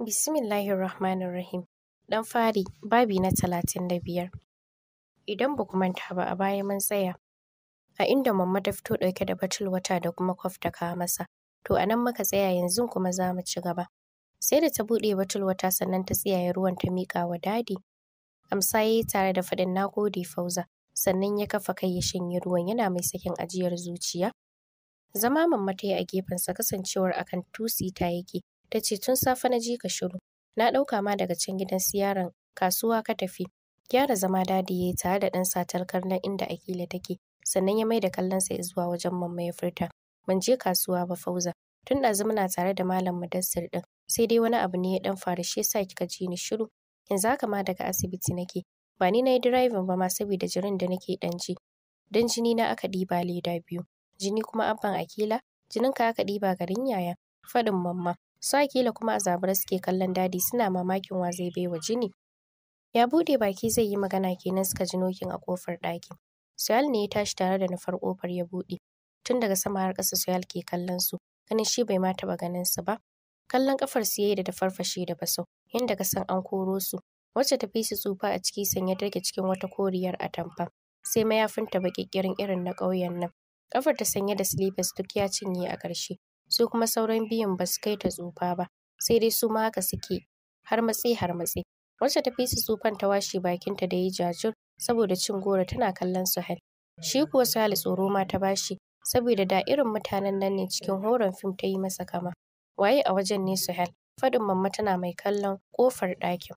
Bismillahir Rahmanir Rahim. Dan fari, babi na talatin da biyar. Idan ba manta ba a baya mun tsaya. A inda mamma ta fito ɗauke da batul wata da kuma kwaf masa. To a nan muka tsaya yanzu kuma za mu ci gaba. Sai da ta buɗe batul wata sannan ta tsiyaye ruwan ta miƙa wa dadi. Amsa ya yi tare da faɗin na gode fauza. Sannan ya kafa kai ya shanye ruwan yana mai sakin ajiyar zuciya. Zama mamma ta yi a gefensa kasancewar akan tusi ta yake. ta ce tun safe na ji ka shiru. Na ɗauka ma daga can gidan siyaran kasuwa ka tafi. Gyara zama dadi ya tare da ɗan satar karnar inda Akila take, sannan ya mai maida kallonsa zuwa wajen mamma ya furta. Ban je kasuwa ba Fauza, tun ɗazu muna tare da Malam Mudassir ɗin, sai dai wani abu ne ya dan faru shi yasa kika ji ni shiru. Yanzu haka ma daga asibiti nake, ba ni na yi dirivan ba ma saboda jirin da nake ɗan ji. dan jini na aka ɗiba leda biyu, jini kuma abban Akila, jinin ka aka ɗiba garin yaya, faɗin mamma. su akila kuma a zabura suke kallon dadi suna mamakin wa zai baiwa jini ya bude baki zai yi magana kenan suka ji nokin a kofar ɗakin Soyal ne ya tashi tare da nufar kofar ya buɗe. Tun daga sama har ƙasa Soyal ke kallon su, ganin shi bai mata ba ganin su ba. Kallon kafar su yayi da da farfashe da baso yanda ka san an koro su. Wacce ta fi su tsufa a ciki sanye take cikin wata koriyar atamfa. Sai mayafinta baƙiƙirin irin na ƙauyen nan. Kafar ta sanye da silifas duk ya cinye a ƙarshe. sai kuma sauran biyun ba su kai ta tsufa ba sai dai su ma haka suke har matsi har matsi wacce ta fi su tsufan ta washe ta da yi jajur saboda cin goro tana kallon Suhail shi kuwa sale tsoro ma ta bashi saboda da irin mutanen nan ne cikin horon fim ta yi masa kama waye a wajen ne Suhail fadin mamma tana mai kallon kofar ɗakin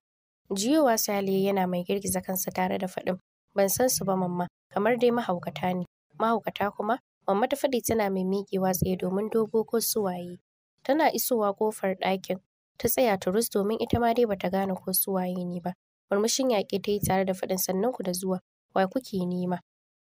jiyowa Suhail yana mai girgiza kansa tare da fadin ban san su ba mamma kamar dai mahaukata ne mahaukata kuma Mamma ta faɗi tana mai miƙewa tsaye domin dogo ko suwaye. Tana isowa kofar ɗakin. Ta tsaya turus domin ita ma dai bata gane ko suwaye ne ba. Murmushin yaƙi ta yi tare da faɗin sannan ku da zuwa. Wa kuke nema?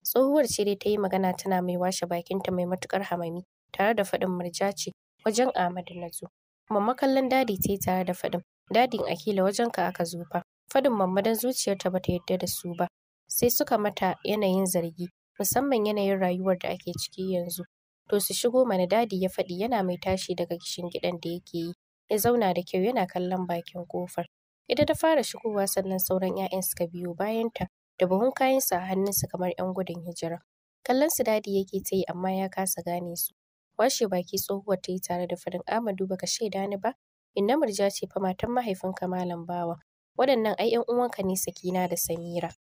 Tsohuwar ce dai ta yi magana tana mai washe bakinta mai matuƙar hamami tare da faɗin murja ce wajen Ahmadu na zo. Mamma kallon dadi ta yi tare da faɗin. Dadin Akila wajen ka aka zo fa. Faɗin mamma don zuciyarta bata yarda da su ba. Sai suka mata yanayin zargi musamman yanayin rayuwar da ake ciki yanzu. To su shigo mana dadi ya faɗi yana mai tashi daga gidan da yake yi. Ya zauna da kyau yana kallon bakin ƙofar. Ita ta fara shigowa sannan sauran 'ya'yan suka biyo bayanta da buhun kayansa a hannunsa kamar 'yan gudun hijira. Kallon su dadi yake ta yi amma ya kasa gane su. Washe baki tsohuwar ta yi tare da farin Amadu baka shaida ni ba. Inna murja ce fa matan mahaifinka Malam Bawa. Waɗannan ai 'yan uwanka ne Sakina da Samira.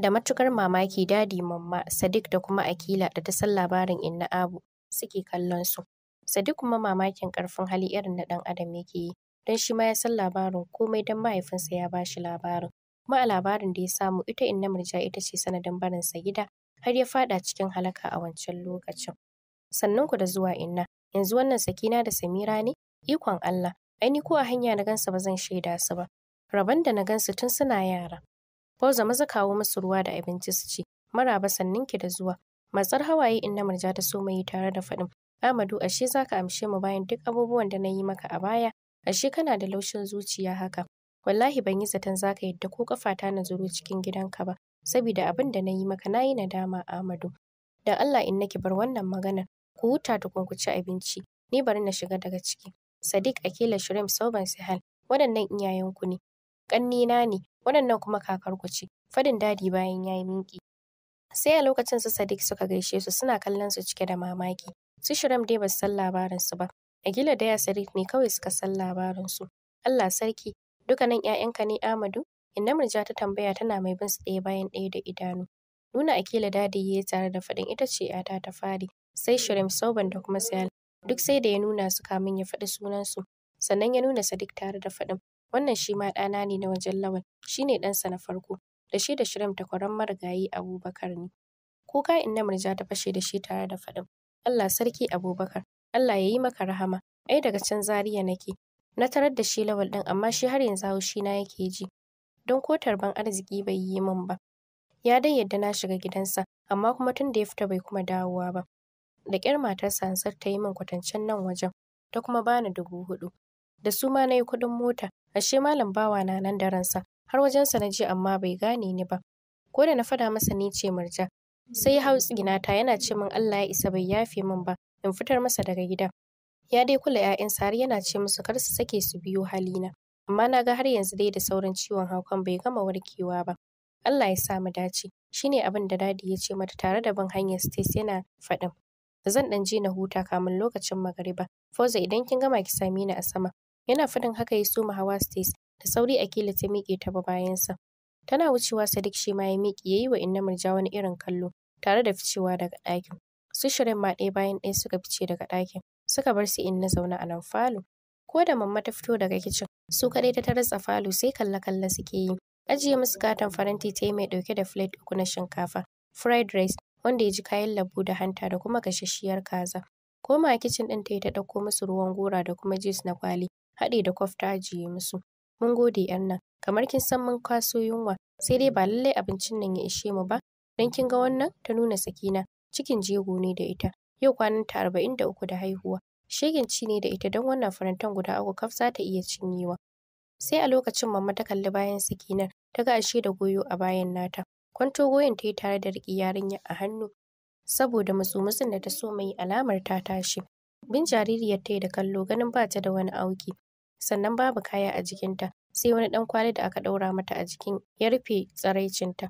Da matukar mamaki dadi mamma Sadiq da kuma Akila da ta san labarin inna Abu suke kallon su. Sadiq kuma mamakin karfin hali irin na dan adam yake yi don shi ma ya san labarin komai don mahaifinsa ya bashi labarin. Kuma a labarin da ya samu ita inna murja ita ce sanadin barin sa gida har ya fada cikin halaka a wancan lokacin. Sannan ku da zuwa inna, yanzu wannan sakina da Samira ne? Ikon Allah, ai ni ko a hanya na gansa ba zan shaida su ba. Rabon da na gansu tun suna yara. Fauza maza kawo musu ruwa da abinci su ci. Maraba ki da zuwa. Matsar hawaye in na murja ta so tare da faɗin. Amadu ashe zaka amshe mu bayan duk abubuwan da na yi maka a baya. Ashe kana da laushin zuciya haka. Wallahi ban yi zaton zaka yadda ko kafata na zuru cikin gidanka ba. Sabida abin da na yi maka na yi nadama Amadu. Da Allah in nake bar wannan maganar. Ku huta tukun ku ci abinci. Ni bari na shiga daga ciki. Sadiq Akila Shurem Sauban Sihal. Waɗannan iyayenku ne. Ƙannina ne. waɗannan kuma kakarku ce fadin dadi bayan ya yi minki sai a lokacin su sadiq suka gaishe su suna kallon su cike da mamaki su shiram dai ba su san labarin su ba agila da ya sadiq ne kawai suka san labarin su allah sarki duka dukanan ƴaƴanka ne amadu inna murja ta tambaya tana mai bin su ɗaya bayan ɗaya da idanu nuna akila dadi ya yi tare da faɗin ita ce yata ta fari sai shirim sauban da kuma sayal duk sai da ya nuna su kamin ya faɗi sunansu sannan ya nuna Sadiq tare da faɗin Wannan shi ma ɗana ne na wajen Lawal, shi ne ɗansa na farko, da shi da Shirim takwaran marigayi Abubakar ne. Kuka inna murja ta fashe da shi tare da faɗin, Allah sarki Abubakar, Allah ya yi maka rahama, ai daga can Zaria nake. Na tarar da shi Lawal ɗin amma shi har yanzu haushi na yake ji, don ko tarban arziki bai yi min ba. Ya dai yadda na shiga gidansa, amma kuma tun da ya fita bai kuma dawowa ba. Da ƙyar matarsa Hansar ta yi min kwatancen nan wajen, ta kuma bani dubu huɗu. Da su ma na yi kuɗin mota, ashe malam bawa na nan da ransa har wajensa na je amma bai gane ni ba ko da na fada masa ni ce murja sai ya hau ta? yana ce min Allah ya isa bai yafe min ba in fitar masa daga gida ya dai kula 'ya'yansa har yana ce musu kar su sake su biyo halina amma na ga har yanzu dai da sauran ciwon haukan bai gama warkewa ba Allah ya sa mu dace shine abin da dadi ya ce mata tare da bin hanyar stace yana faɗin zan ɗan je na huta kamin lokacin magariba Foza, idan kin gama ki same ni a sama Yana faɗin haka ya soma hawa stairs da sauri a kila ta miƙe ta ba bayansa. Tana wucewa Sadiq shi ma ya miƙe ya yi wa Inna Murja wani irin kallo tare da ficewa daga ɗakin. Su shirin ma ɗaya bayan ɗaya suka fice daga ɗakin suka bar su Inna zaune a nan falo. Ko da mamma ta fito daga kicin su kaɗai ta tarasa falo sai kalla-kalla suke yi. Ajiye musu katon faranti ta yi mai ɗauke da filet uku na shinkafa, fried rice wanda ya ji kayan lambu da hanta da kuma gasasshiyar kaza. Koma kicin ɗin ta yi ta ɗauko musu ruwan gora da kuma jus na kwali haɗe da kwafta ta ajiye musu. Mun gode ‘yan nan, kamar kin san mun kwaso yunwa, sai dai ba lallai abincin nan ya ishe mu ba, don kin ga wannan ta nuna sakina, cikin jego ne da ita, yau kwanan ta arba'in da uku da haihuwa. Shegen ci ne da ita don wannan farantan guda uku kaf za ta iya cinyewa. Sai a lokacin mamma ta kalli bayan sakinar, ta ga ashe da goyo a bayan nata. Kwanto goyon ta yi tare da riƙe yarinya a hannu, saboda mutsumutsun da ta so mai alamar ta tashi. Bin jaririyar ta yi da kallo ganin ba ta da wani auki, sannan babu kaya a jikinta sai wani ɗan kwali da aka ɗaura mata a jikin ya rufe tsaraicinta.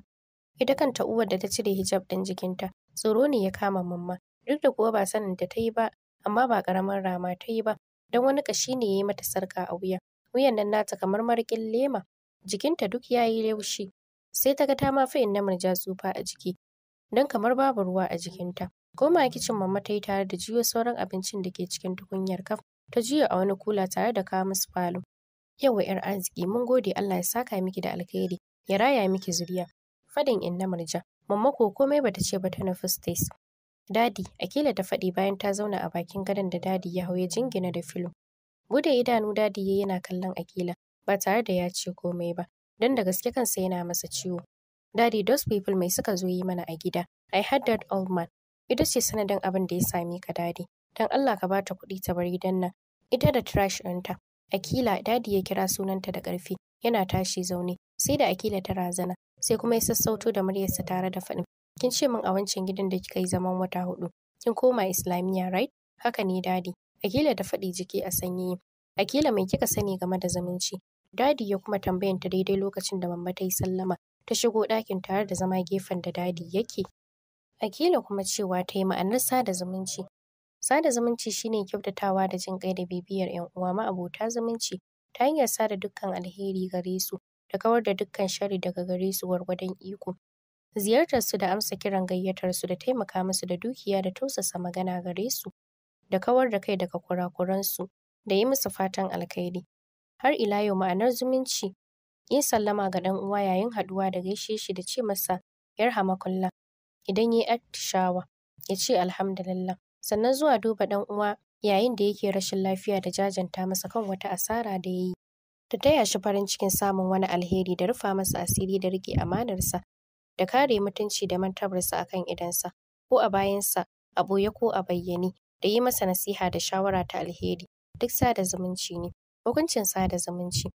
Ita kanta uwar da ta cire hijab ɗin jikinta tsoro ne ya kama mamma duk da kuwa ba sanin da ta yi ba amma ba ƙaramin rama ta yi ba don wani ƙashi ne ya yi mata sarka a wuya. Wuyan nan nata kamar mariƙin lema jikinta duk ya yi laushi sai ta ga ta ma fa'in namar ja tsufa a jiki don kamar babu ruwa a jikinta. Koma kicin mamma ta yi tare da jiyo sauran abincin da ke cikin tukunyar kaf ta juya a wani kula tare da kawo musu falo. Yau, wa ‘yar arziki mun gode Allah ya saka miki da alkhairi ya raya miki zuriya. Fadin inna murja, mamma ko komai ba ta ce ba ta nufi stace. Dadi, Akila ta faɗi bayan ta zauna a bakin gadon da dadi ya hau ya jingina da filo. Bude idanu dadi ya yana kallon Akila ba tare da ya ce komai ba, don da gaske kansa yana masa ciwo. Dadi, those people mai suka zo yi mana a gida. I had that old man. Ido ce sanadin abin da ya same ka dadi. don Allah ka bata kuɗi ta bar gidan nan ita da trash ɗinta Akila dadi ya kira sunanta da ƙarfi yana tashi zaune sai da Akila ta razana sai kuma ya sassauto da muryarsa tare da faɗin kin ce min a wancan gidan da kika yi zaman wata hudu kin koma islamiyya right haka ne dadi Akila da faɗi jiki a sanyi Akila mai kika sani game da zumunci? dadi ya kuma ta daidai lokacin da mamma ta yi sallama ta shigo ɗakin tare da zama gefen da dadi yake Akila kuma cewa ta yi ma'anar sada zumunci Sada zumunci shine kyautatawa da jin kai da bibiyar ‘yan uwa ma'abota zumunci ta hanyar sada dukkan alheri gare su da kawar da dukkan shari daga gare su gwargwadon iko. Ziyartar su da amsa kiran gayyatar su da taimaka musu da dukiya da tausasa magana gare su da kawar da kai daga kurakuran su da yi musu fatan alkhairi. Har ila yau ma'anar zumunci yin sallama ga 'dan uwa yayin haɗuwa da gaishe shi da ce masa 'yar yarhamakullah idan ya yi atishawa ya ce alhamdulillah sannan zuwa duba ɗan uwa yayin da yake rashin lafiya da jajanta masa kan wata asara da ya yi. Ta taya shi farin cikin samun wani alheri da rufa masa asiri da rike amanarsa da kare mutunci da martabarsa a kan idansa ko a bayansa a ɓoye ko a bayyane da yi masa nasiha da shawara ta alheri duk sada zumunci ne. Hukuncin sada zumunci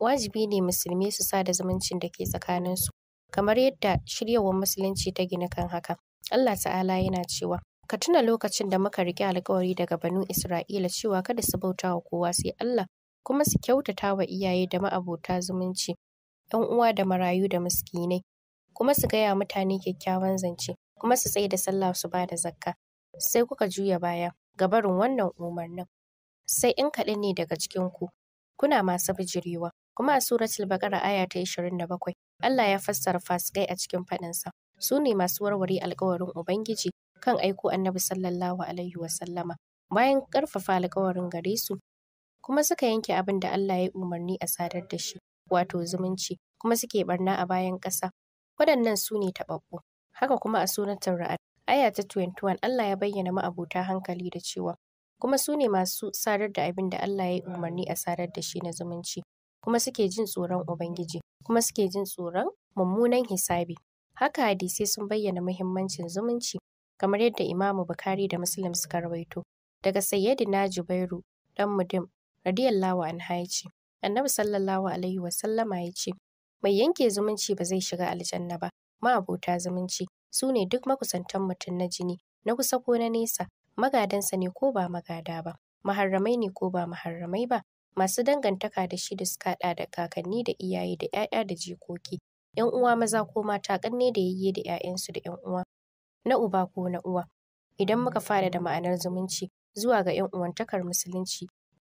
wajibi ne musulmi su sada zumuncin da ke tsakaninsu kamar yadda shiryawar musulunci ta gina kan haka. Allah ta'ala yana cewa Ka tuna lokacin da muka riƙe alƙawari daga Banu Isra'ila cewa kada su bauta wa kowa sai Allah, kuma su kyautata wa iyaye da ma'abota zumunci, ‘yan uwa da marayu da miskinai, kuma su gaya mutane kyakkyawan zance, kuma su tsaye da sallah su ba da zakka. Sai kuka juya baya ga barin wannan umarnin. Sai in kaɗan ne daga cikin ku, kuna masu bijirewa. Kuma a suratul Baqara aya ta 27, Allah ya fassara fasikai a cikin faɗinsa. Su ne masu warware alkawarin Ubangiji kan aiko annabi sallallahu alaihi sallama. bayan ƙarfafa alƙawarin gare su kuma suka yanke abin da Allah ya umarni a sadar da shi wato zumunci kuma suke barna a bayan ƙasa waɗannan su ne taɓaɓɓu haka kuma a sunan ra'ad aya ta 21 Allah ya bayyana ma'abuta hankali da cewa kuma su ne masu sadar da abin da Allah ya umarni a sadar da shi na zumunci kuma suke jin tsoron Ubangiji kuma suke jin tsoron mummunan hisabi haka hadisai sun bayyana muhimmancin zumunci kamar yadda Imamu bukari da Muslim suka rawaito daga Sayyidina Jubairu dan Mudim radiyallahu anha ya ce Annabi sallallahu alaihi wasallama ya ce mai yanke zumunci ba zai shiga aljanna ba ma'abota zumunci su ne duk makusantan mutum na jini na kusa ko na nesa magadansa ne ko ba magada ba maharramai ne ko ba maharramai ba masu dangantaka da shi da suka hada da kakanni da iyaye da ‘ya'ya da jikoki ‘yan uwa maza ko mata ƙanne da yayye da ‘ya'yansu da ‘yan uwa na uba ko na uwa. Idan muka fara da ma'anar zumunci zuwa ga 'yan uwantakar musulunci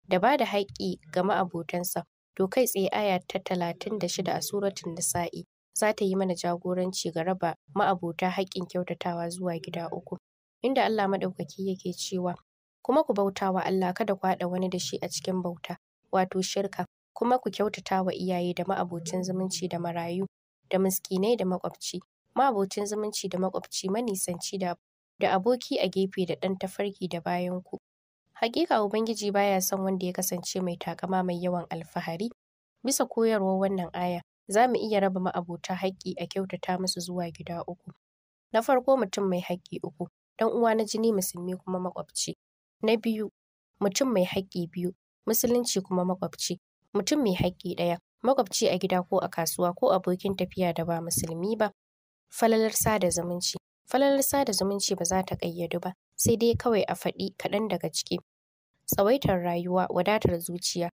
da ba da haƙƙi ga ma'abotansa, to kai tsaye aya ta talatin da shida a suratun Nisa'i za ta yi mana jagoranci ga raba ma'abota haƙƙin kyautatawa zuwa gida uku. Inda Allah Maɗaukaki yake cewa, Kuma ku bauta wa Allah kada ku haɗa wani da shi a cikin bauta, wato shirka, kuma ku kyautata wa iyaye da ma'abocin zumunci da marayu, da miskinai da maƙwabci, ma'abocin zumunci da makwabci manisanci da da aboki a gefe da ɗan tafarki da bayan ku. Hakika Ubangiji baya son wanda ya kasance mai takama mai yawan alfahari. Bisa koyarwar wannan aya, za mu iya raba ma'abota haƙƙi a kyautata musu zuwa gida uku. Na farko mutum mai haƙƙi uku, ɗan uwa na jini musulmi kuma makwabci. Na biyu, mutum mai haƙƙi biyu, musulunci kuma makwabci. Mutum mai haƙƙi ɗaya, makwabci a gida ko a kasuwa ko abokin tafiya da ba musulmi ba Falalar sada zumunci. Falalar sada zumunci ba za ta ƙayyadu ba, sai dai kawai a faɗi kaɗan daga ciki. Tsawaitar rayuwa, wadatar zuciya,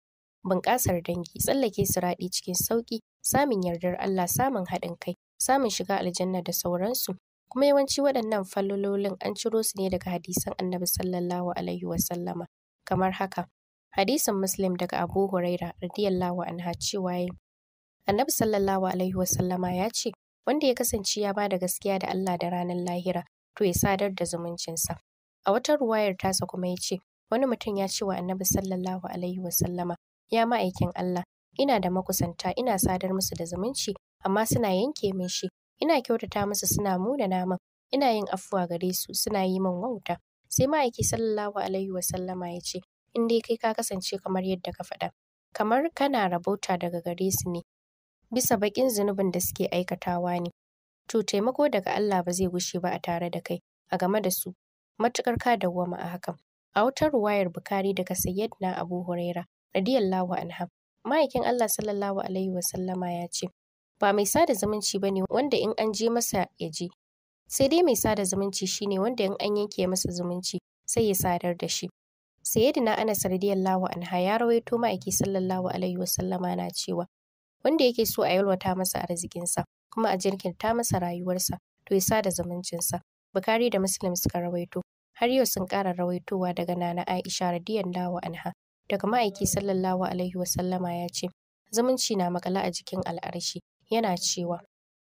bunƙasar dangi, tsallake siraɗi cikin sauƙi, samun yardar Allah, samun haɗin kai, samun shiga aljanna da sauransu. Kuma yawanci waɗannan falololin an ciro su ne daga hadisan Annabi sallallahu alaihi wasallama. Kamar haka, hadisin Muslim daga Abu Huraira radiyallahu anha cewa Annabi sallallahu alaihi wasallama ya ce, wanda ya kasance ya bada gaskiya da Allah da ranar lahira to ya sadar da zumuncinsa a wata ruwayar tasa kuma ya ce wani mutum ya ce wa annabi sallallahu alaihi wasallama ya ma'aikin Allah ina da makusanta ina sadar musu da zumunci amma suna yanke min shi ina kyautata musu suna muna nama ina yin afuwa gare su suna yi min wauta sai ma'aiki sallallahu alaihi wasallama ya ce in dai kai ka kasance kamar yadda ka faɗa kamar kana rabauta daga gare su ne bisa baƙin zunubin da suke aikatawa ne. To taimako daga Allah ba zai gushe ba a tare da kai a game da su matuƙar ka dawwama a hakan. A wutar wayar Bukari daga Sayyidina Abu Huraira radiyallahu anha ma'aikin Allah sallallahu alaihi Wa sallama ya ce ba mai sada zumunci bane wanda in an je masa ya je sai dai mai sada zumunci shine wanda in an yanke masa zumunci sai ya sadar da shi sayyidina Anas radiyallahu anha ya rawaito ma'aiki sallallahu alaihi Wa sallama na cewa wanda yake so a yalwata masa arzikinsa kuma a jirkinta masa rayuwarsa to ya sada zamancinsa. Bukari da Muslim suka rawaito har yau sun ƙara rawaitowa daga Nana Aisha radiyallahu anha daga ma'aiki sallallahu alaihi wasallama ya ce zumunci na makala a jikin al'arshi yana cewa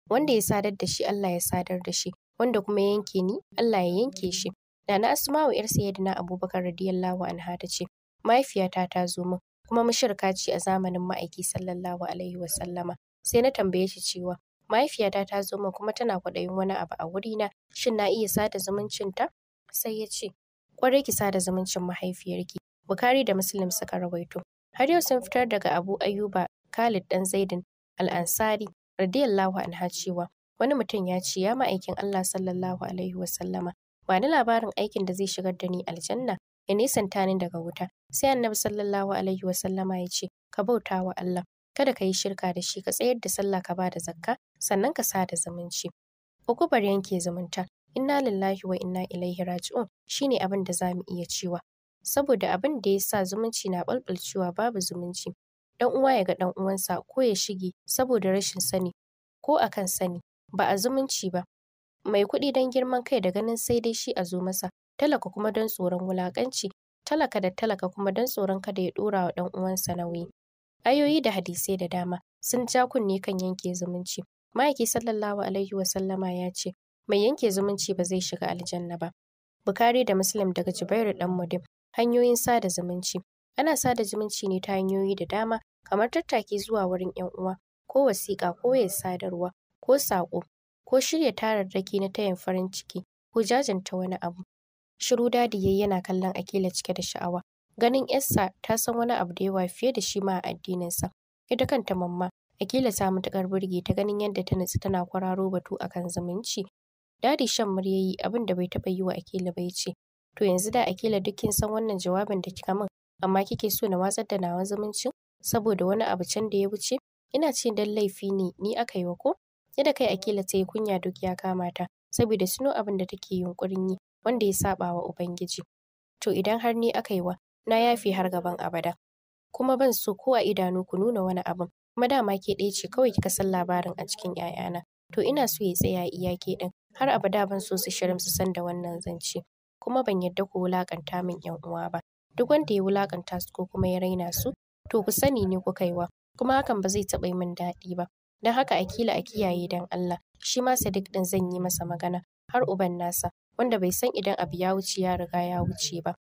wanda ya sadar da shi Allah ya sadar da shi wanda kuma yanke ni Allah ya yanke shi Nana Asma'u yar Sayyidina Abubakar radiyallahu anha ta ce mahaifiyata ta zo min kuma mushirka ce a zamanin ma'aiki sallallahu alaihi wasallama. Sai na tambaye shi cewa, mahaifiyata ta zo min kuma tana kwaɗayin wani abu a wurina, shin na iya sada zumuncinta? Sai ya ce, kwarai ki sada zumuncin mahaifiyarki. Bukari da Muslim suka rawaito. Har yau sun fitar daga Abu Ayuba Khalid dan Zaidin Al-Ansari radiyallahu anha cewa wani mutum ya ce ya ma'aikin Allah sallallahu alaihi wasallama ba ni labarin aikin da zai shigar da ni aljanna ya nesanta ni daga wuta sai annabi sallallahu alaihi wa sallama ya ce ka bauta wa Allah kada ka yi shirka da shi ka tsayar da sallah ka ba da zakka sannan ka sa da zumunci ukubar yanke zumunta inna lillahi wa inna ilaihi raji'un shine abin da zamu iya cewa saboda abin da ya sa zumunci na ɓalɓalcewa babu zumunci dan uwa ya ga dan uwansa ko ya shige saboda rashin sani ko akan sani ba a zumunci ba mai kuɗi don girman kai da ganin sai dai shi a zo masa talaka kuma don tsoron wulakanci talaka da talaka kuma don tsoron kada ya ɗora wa ɗan uwansa nauyi. Ayoyi da hadisai da dama sun ja kunne kan yanke zumunci. Ma'aiki sallallahu alaihi wa sallama ya ce, mai yanke zumunci ba zai shiga aljanna ba. Bukari da Muslim daga Jubairu dan Mudim, hanyoyin sada zumunci. Ana sada zumunci ne ta hanyoyi da dama kamar tattaki zuwa wurin 'yan uwa, ko wasiƙa ko ya sadarwa, ko saƙo, ko shirya tararraki na tayin farin ciki, ko jajanta wani abu. Shiru dadi yayi yana kallon Akila cike da sha'awa. Ganin Esther ta san wani abu da yawa fiye da shi ma a addininsa. Ita kanta mamma, Akila ta matuƙar burge ta ganin yadda ta nutsu tana kwararo batu akan zumunci. Dadi shan muryayi abin da bai taɓa yi wa Akila bai ce, To yanzu da Akila duk kin san wannan jawabin da kika min, amma kike so na watsar da nawa zumuncin saboda wani abu can da ya wuce? Ina ce dan laifi ne ni aka yi wa ko? Yadda kai Akila ta yi kunya duk ya kama ta, saboda suno abin da take yunƙurin yi wanda ya saɓa wa Ubangiji. To idan har ni aka yi wa, na yafi har gaban abada. Kuma ban so ko a idanu ku nuna wani abin, kuma dama ke ɗaya ce kawai kika san labarin a cikin ‘ya'yana. To ina so ya tsaya iyake ɗin, har abada ban so su shirin su san da wannan zance. Kuma ban yadda ku wulaƙanta min ‘yan uwa ba. Duk wanda ya wulaƙanta su ko kuma ya raina su, to ku sani ne kuka yi wa, kuma hakan ba zai taɓa yi min daɗi ba. Don haka a kila a kiyaye don Allah, shi ma Sadiq ɗin zan yi masa magana, har uban nasa, wanda bai san idan abu ya wuce ya riga ya wuce ba.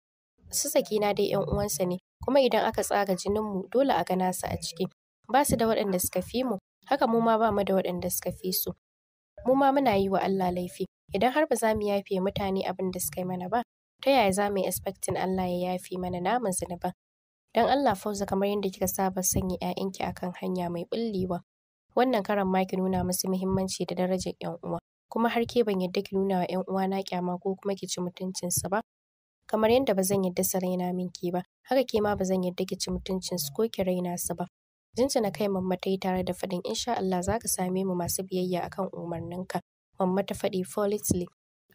Su na dai ‘yan uwansa ne, kuma idan aka tsaga jininmu dole a ga nasa a ciki. Ba su da waɗanda suka fi mu, haka mu ma ba mu da waɗanda suka fi su. Mu ma muna yi wa Allah laifi, idan har ba za mu yafe mutane abin da suka yi mana ba, ta yaya za mu yi expecting Allah ya yafe mana namun ba Don Allah fauza kamar yadda kika saba sanya ‘ya'yanki akan hanya mai bullewa. Wannan karan maki nuna musu muhimmanci da darajar ‘yan uwa. kuma har ke ban yadda ki nuna wa ƴan uwana kyama ko kuma ki ci mutuncinsu ba kamar yadda ba zan yadda su raina min ke ba haka ke ma ba zan yadda ki ci mutuncin su ko ki raina su ba na kai mamma ta yi tare da faɗin insha Allah za ka same mu masu biyayya akan umarninka mamma ta faɗi politely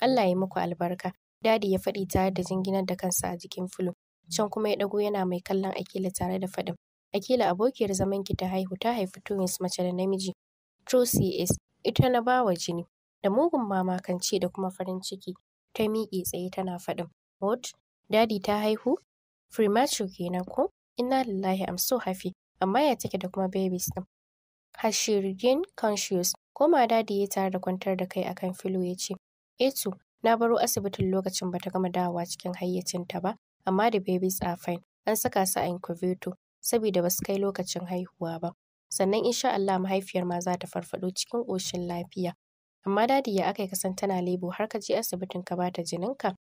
Allah ya muku albarka dadi ya faɗi tare da jinginar da kansa a jikin filo can kuma ya ɗago yana mai kallon akila tare da faɗin akila abokiyar zaman ki ta haihu ta haifi twins mace da namiji Trucy is ita na bawa jini da mugun mamakanci da kuma farin ciki ta miƙe tsaye tana faɗin what dadi ta haihu premature kenan ko inna lillahi am so happy amma ya take da kuma babies din has she regained conscious koma dadi ya tare da kwantar da kai akan filo ya ce eto eh na baro asibitin lokacin bata gama dawowa cikin hayyacinta ba amma da babies a fine an saka su a incubator saboda basu kai lokacin haihuwa ba sannan insha Allah mahaifiyar ma za ta farfado cikin ƙoshin lafiya Amma dadi ya aka yi kasan tana lebo har ka je asibitin ka bata ka?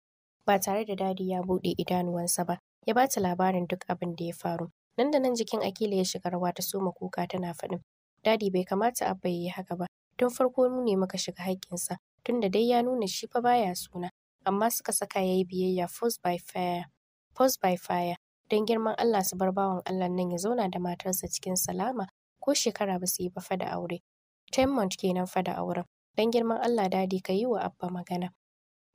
Ba tare da dadi ya buɗe idanuwansa ba, ya bata labarin duk abin da ya faru. Nan da nan jikin Akila ya shiga rawa ta soma kuka tana faɗin. Dadi bai kamata Abba ya yi haka ba, tun farko mu ne muka shiga haƙƙinsa, tunda dai ya nuna shi fa baya suna. Amma suka saka ya yi biyayya force by fire. Force by fire. Don girman Allah su bar bawan Allah nan ya zauna da matarsa cikin salama ko shekara ba su yi ba fada aure. Ten month kenan fada da auren. Don girman Allah dadi ka yi wa Abba magana.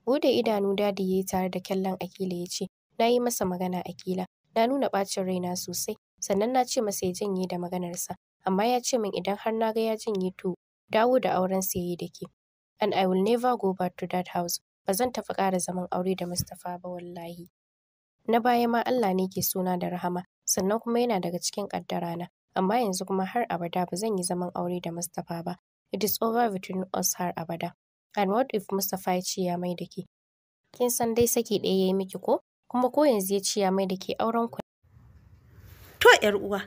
Bude idanu dadi ya yi tare da kyallen Akila ya ce, Na yi masa magana Akila, na nuna ɓacin raina sosai, sannan na ce masa ya janye da maganarsa, amma ya ce min idan har na ga ya janye to dawo da auren sa yayi da ke. And I will never go back to that house. Ba zan tafi ƙara zaman aure da Mustapha ba wallahi. Na baya ma Allah ne ke suna da rahama, sannan kuma yana daga cikin ƙaddara na. Amma yanzu kuma har abada ba zan yi zaman aure da Mustapha ba, It is over between us har abada. And what if Mustapha ya ce ya mai da ke? Kin san dai saki ɗaya ya yi miki ko? Kuma ko yanzu ya ce ya mai da ke auren ku. To ‘yar uwa,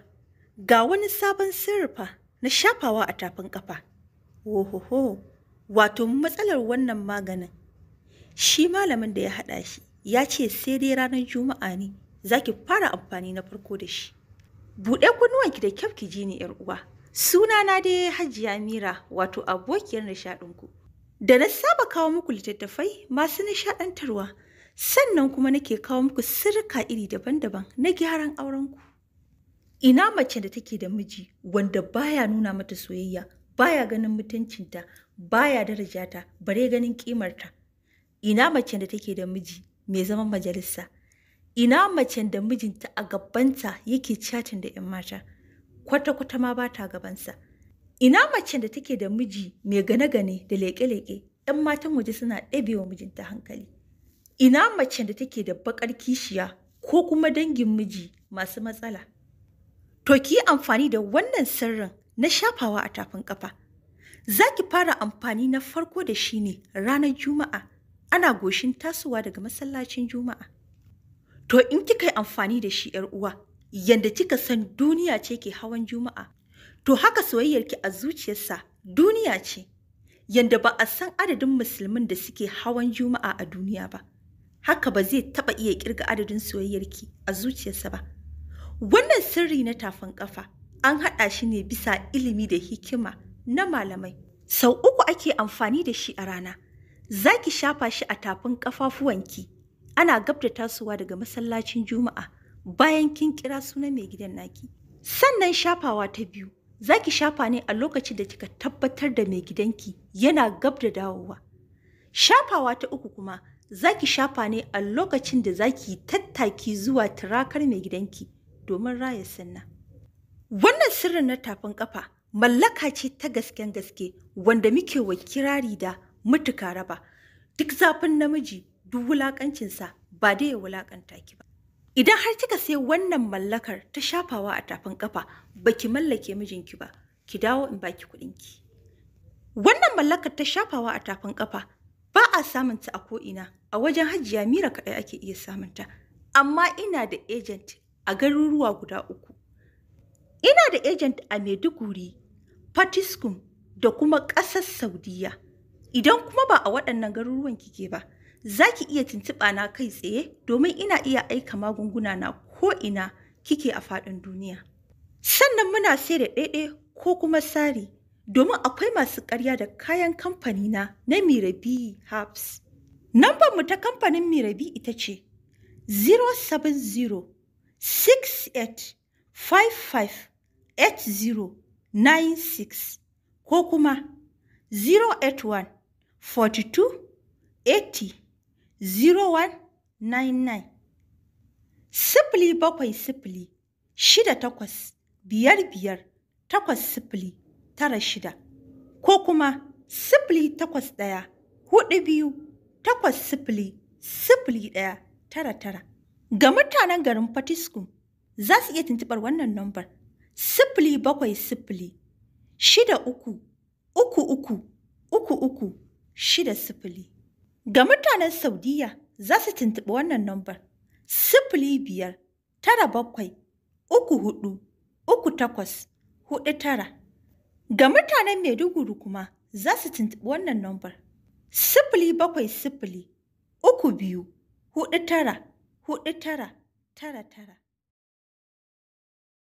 ga wani sabon sirrifa na shafawa a tafin kafa. Wohoho, wato matsalar wannan maganin. Shi malamin da ya haɗa shi ya ce sai dai ranar Juma'a ne za ki fara amfani na farko da shi. Buɗe kunnuwanki da kyau ki ji ni ‘yar uwa. Sunana dai Hajiya Mira, wato abokiyar nishaɗinku. Da na saba kawo muku littattafai masu nishaɗantarwa, sannan kuma nake kawo muku sirka iri daban-daban na gyaran aurenku. Ina mace da take da miji wanda baya nuna mata soyayya, baya ganin mutuncinta, baya daraja ta, bare ganin ƙimarta? Ina mace da take da miji mai zaman majalisa. Ina mace da mijinta a gabanta yake catin da 'yan mata. kwata-kwata ma ba ta gabansa. Ina macen da take da miji mai gane-gane da leƙe-leƙe, ‘yan matan waje suna ɗabewa mijinta hankali. Ina mace da take da baƙar kishiya ko kuma dangin miji masu matsala. To ki yi amfani da wannan sirrin na shafawa a tafin kafa. Za ki fara amfani na farko da shi ne ranar Juma'a, ana goshin tasowa daga masallacin Juma'a. To in kika yi amfani da shi ‘yar uwa, yanda kika san duniya ce ke hawan juma'a to haka soyayyarki a zuciyarsa duniya ce yanda ba a san adadin musulmin da suke hawan juma'a a duniya ba haka ba zai taba iya kirga adadin soyayyarki a zuciyarsa ba wannan sirri na tafin kafa an haɗa shi ne bisa ilimi da hikima na malamai sau uku ake amfani da shi a rana za ki shafa shi a tafin ƙafafuwanki ana gabda tasowa daga masallacin juma'a bayan kin kira sunan mai gidan naki. Sannan shafawa ta biyu, za ki shafa ne a lokacin da kika tabbatar da mai gidanki yana gab da dawowa. Shafawa ta uku kuma, za ki shafa ne a lokacin da za ki tattaki zuwa tirakar mai gidanki domin raya sunna. Wannan sirrin na tafin kafa mallaka ce ta gasken gaske wanda muke wa kirari da mutuka raba. Duk zafin namiji, duk wulakancinsa ba dai ya wulakanta ki ba. Idan har kika sai wannan mallakar ta shafawa a tafin kafa baki mallake mijinki ba, ki dawo in baki ki. Wannan mallakar ta shafawa a tafin kafa ba a samun ta a ko'ina a wajen hajiya mira kaɗai ake iya samunta. amma ina da agent a garuruwa guda uku. Ina da agent a Maiduguri, Fatiskum da kuma ƙasar Saudiya. Idan kuma ba a waɗannan garuruwan kike ba, za ki iya tuntuɓa na kai tsaye domin ina iya aika magunguna na ko'ina kike a faɗin duniya. Sannan muna sai da ɗaiɗai ko kuma sari domin akwai masu ƙarya da kayan kamfani na na Mirabi Herbs. Nambar mu ta kamfanin Mirabi ita ce 070 68 55 80 96 ko kuma 081 42 80 0199 sifili bakwai sifili shida takwas biyar biyar takwas sifili tara shida ko kuma sifili takwas ɗaya hudu biyu takwas sifili sifili ɗaya tara tara ga mutanen garin Fatiskum za su iya tuntuɓar wannan nambar sifili bakwai sifili shida uku uku uku uku uku shida sifili Ga mutanen Saudiya za su tuntuɓi wannan nambar sifili biyar tara bakwai uku hudu uku takwas hudu tara. Ga mutanen Maiduguri kuma za su tuntuɓi wannan nambar sifili bakwai sifili uku biyu hudu tara hudu tara tara tara.